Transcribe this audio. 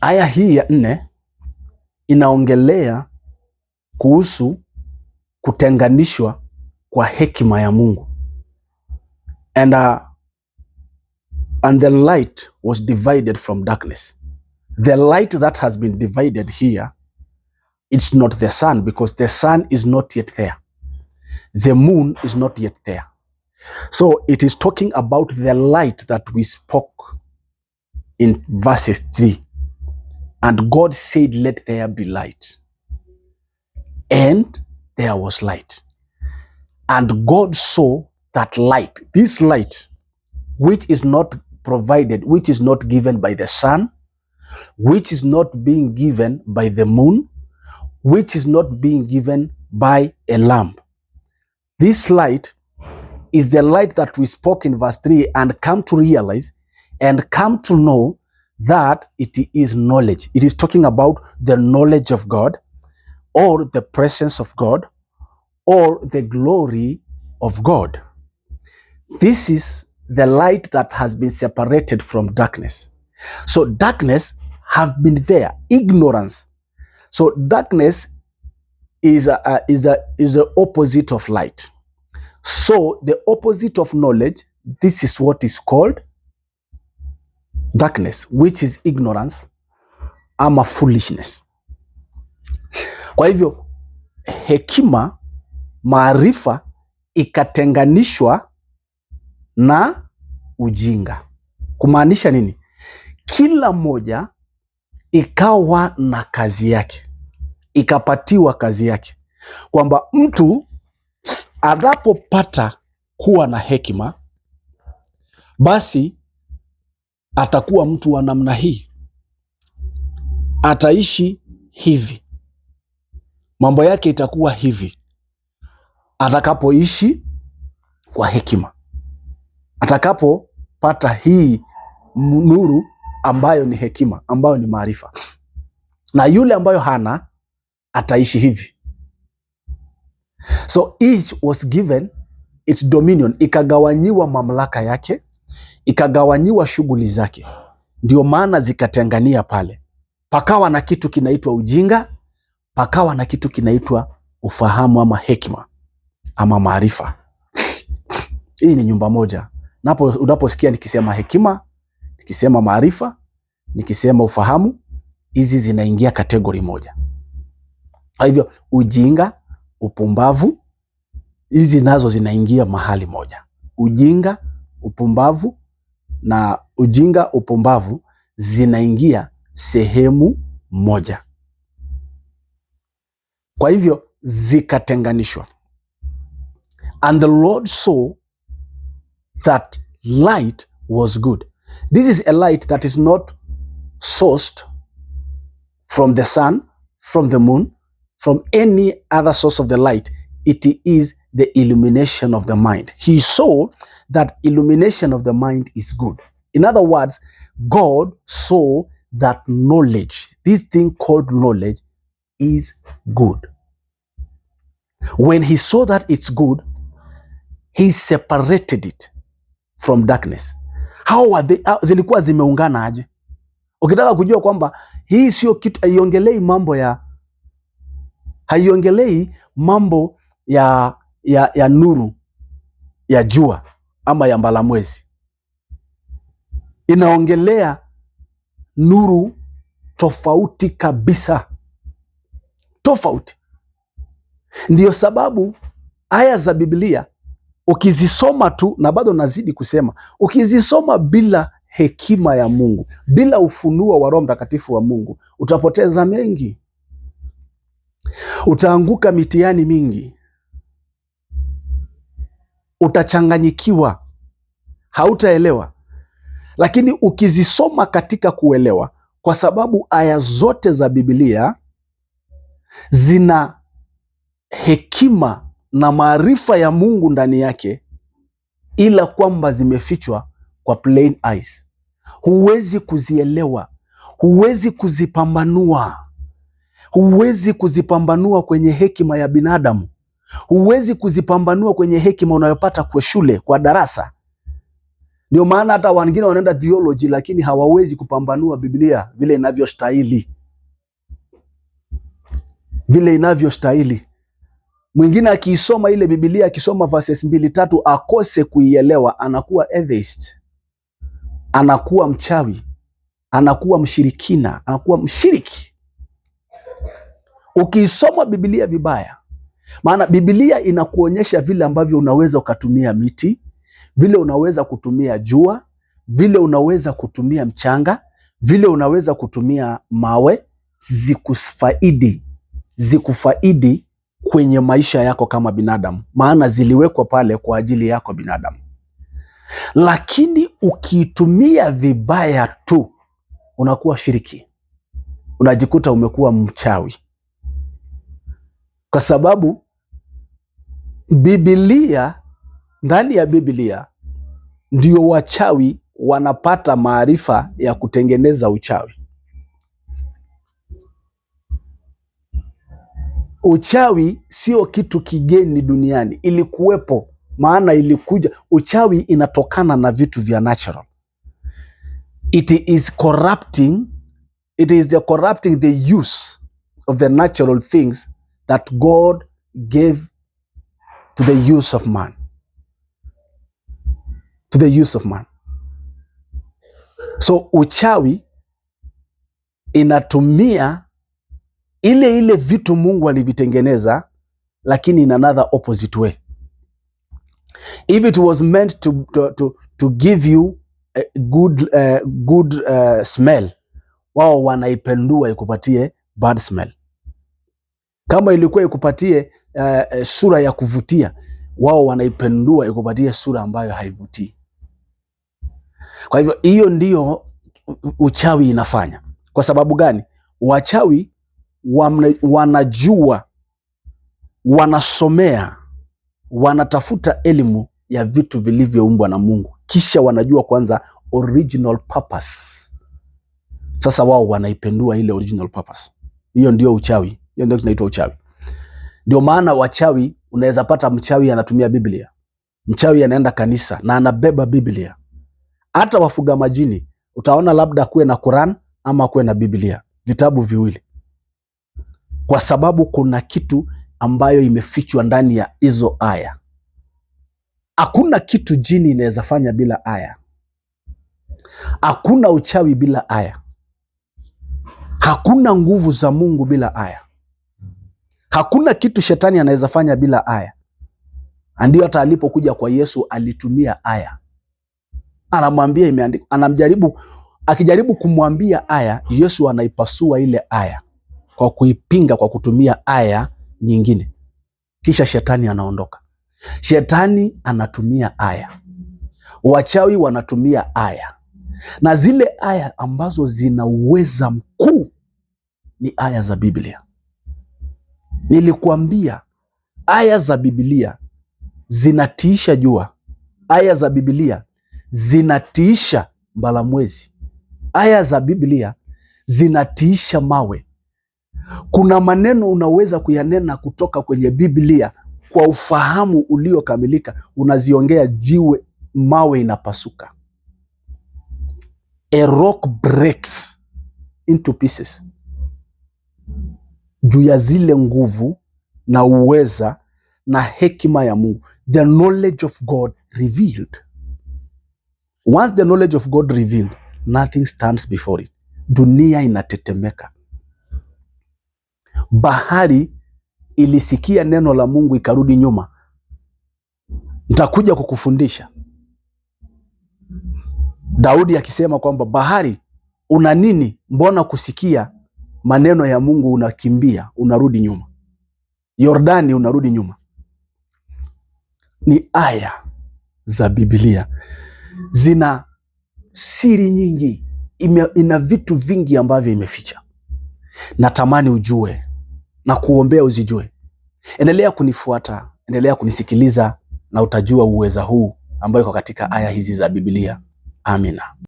Aya hii ya nne inaongelea kuhusu kutenganishwa kwa hekima ya Mungu. And, uh, and the light was divided from darkness. The light that has been divided here, it's not the sun because the sun is not yet there. The moon is not yet there. So it is talking about the light that we spoke in verses 3. And God said, Let there be light. And there was light. And God saw that light, this light, which is not provided, which is not given by the sun, which is not being given by the moon, which is not being given by a lamp. This light is the light that we spoke in verse 3 and come to realize and come to know that it is knowledge. It is talking about the knowledge of God or the presence of God or the glory of God. This is the light that has been separated from darkness. So darkness have been there, ignorance. So darkness is a, a, is a, is the opposite of light. So the opposite of knowledge, this is what is called darkness which is ignorance ama foolishness. Kwa hivyo hekima, maarifa ikatenganishwa na ujinga, kumaanisha nini? Kila moja ikawa na kazi yake, ikapatiwa kazi yake, kwamba mtu anapopata kuwa na hekima basi atakuwa mtu wa namna hii, ataishi hivi, mambo yake itakuwa hivi atakapoishi kwa hekima, atakapopata hii nuru ambayo ni hekima, ambayo ni maarifa. Na yule ambayo hana ataishi hivi. So each was given its dominion, ikagawanyiwa mamlaka yake ikagawanyiwa shughuli zake, ndio maana zikatengania pale. Pakawa na kitu kinaitwa ujinga, pakawa na kitu kinaitwa ufahamu ama hekima ama maarifa. Hii ni nyumba moja. Napo unaposikia nikisema hekima, nikisema maarifa, nikisema ufahamu, hizi zinaingia kategori moja. Kwa hivyo ujinga, upumbavu, hizi nazo zinaingia mahali moja. Ujinga, upumbavu na ujinga upumbavu zinaingia sehemu moja. Kwa hivyo zikatenganishwa. And the Lord saw that light was good. This is a light that is not sourced from the sun, from the moon, from any other source of the light. It is the illumination of the mind. He saw that illumination of the mind is good. In other words, God saw that knowledge, this thing called knowledge, is good. When he saw that it's good, he separated it from darkness. How they, zilikuwa zimeungana aje? Ukitaka kujua kwamba hii sio kitu, haiongelei mambo ya haiongelei mambo ya ya, ya nuru ya jua ama ya mbalamwezi. Inaongelea nuru tofauti kabisa, tofauti. Ndiyo sababu aya za Biblia ukizisoma tu, na bado nazidi kusema, ukizisoma bila hekima ya Mungu, bila ufunuo wa Roho Mtakatifu wa Mungu, utapoteza mengi, utaanguka mitihani mingi utachanganyikiwa, hautaelewa. Lakini ukizisoma katika kuelewa, kwa sababu aya zote za Biblia zina hekima na maarifa ya Mungu ndani yake, ila kwamba zimefichwa kwa plain eyes. Huwezi kuzielewa, huwezi kuzipambanua, huwezi kuzipambanua kwenye hekima ya binadamu. Huwezi kuzipambanua kwenye hekima unayopata kwa shule, kwa darasa. Ndio maana hata wengine wanaenda theology, lakini hawawezi kupambanua Biblia vile inavyostahili, vile inavyostahili. Mwingine akiisoma ile Biblia, akisoma verses mbili tatu akose kuielewa, anakuwa atheist, anakuwa mchawi, anakuwa mshirikina, anakuwa mshiriki. Ukiisoma Biblia vibaya maana Biblia inakuonyesha vile ambavyo unaweza ukatumia miti, vile unaweza kutumia jua, vile unaweza kutumia mchanga, vile unaweza kutumia mawe zikufaidi, zikufaidi kwenye maisha yako kama binadamu, maana ziliwekwa pale kwa ajili yako binadamu. Lakini ukiitumia vibaya tu, unakuwa shiriki, unajikuta umekuwa mchawi kwa sababu Biblia, ndani ya Biblia ndio wachawi wanapata maarifa ya kutengeneza uchawi. Uchawi sio kitu kigeni duniani, ilikuwepo, maana ilikuja. Uchawi inatokana na vitu vya natural. It is corrupting, it is the corrupting the use of the natural things that God gave to the use of man. To the use of man. So uchawi inatumia ile ile vitu Mungu alivitengeneza lakini in another opposite way. If it was meant to, to, to, to give you a good, uh, good uh, smell, wao wanaipendua ikupatie bad smell. Kama ilikuwa ikupatie uh, sura ya kuvutia, wao wanaipendua ikupatie sura ambayo haivutii. Kwa hivyo hiyo ndiyo uchawi inafanya. Kwa sababu gani? Wachawi wanajua, wanasomea, wanatafuta elimu ya vitu vilivyoumbwa na Mungu, kisha wanajua kwanza original purpose. Sasa wao wanaipendua ile original purpose. Hiyo ndio uchawi. Hiyo ndio uchawi. Ndio maana wachawi, unaweza pata mchawi anatumia Biblia, mchawi anaenda kanisa na anabeba Biblia. Hata wafuga majini utaona labda kuwe na Quran ama kuwe na Biblia, vitabu viwili, kwa sababu kuna kitu ambayo imefichwa ndani ya hizo aya. Hakuna kitu jini inaweza fanya bila aya. Hakuna uchawi bila aya. Hakuna nguvu za Mungu bila aya. Hakuna kitu shetani anaweza fanya bila aya. Ndio hata alipokuja kwa Yesu alitumia aya, anamwambia imeandikwa, anamjaribu akijaribu kumwambia aya, Yesu anaipasua ile aya kwa kuipinga kwa kutumia aya nyingine, kisha shetani anaondoka. Shetani anatumia aya, wachawi wanatumia aya, na zile aya ambazo zina uweza mkuu ni aya za Biblia. Nilikuambia aya za Biblia zinatiisha jua, aya za Biblia zinatiisha mbalamwezi, aya za Biblia zinatiisha mawe. Kuna maneno unaweza kuyanena kutoka kwenye Biblia kwa ufahamu uliokamilika, unaziongea jiwe, mawe inapasuka. A rock breaks into pieces juu ya zile nguvu na uweza na hekima ya Mungu, the knowledge of God revealed. Once the knowledge of God revealed, nothing stands before it. Dunia inatetemeka. Bahari ilisikia neno la Mungu ikarudi nyuma. Nitakuja kukufundisha. Daudi akisema kwamba bahari, una nini? Mbona kusikia maneno ya Mungu unakimbia, unarudi nyuma. Yordani unarudi nyuma. Ni aya za Biblia zina siri nyingi, ime, ina vitu vingi ambavyo imeficha. Natamani ujue na kuombea uzijue. Endelea kunifuata, endelea kunisikiliza na utajua uweza huu ambayo iko katika aya hizi za Biblia. Amina.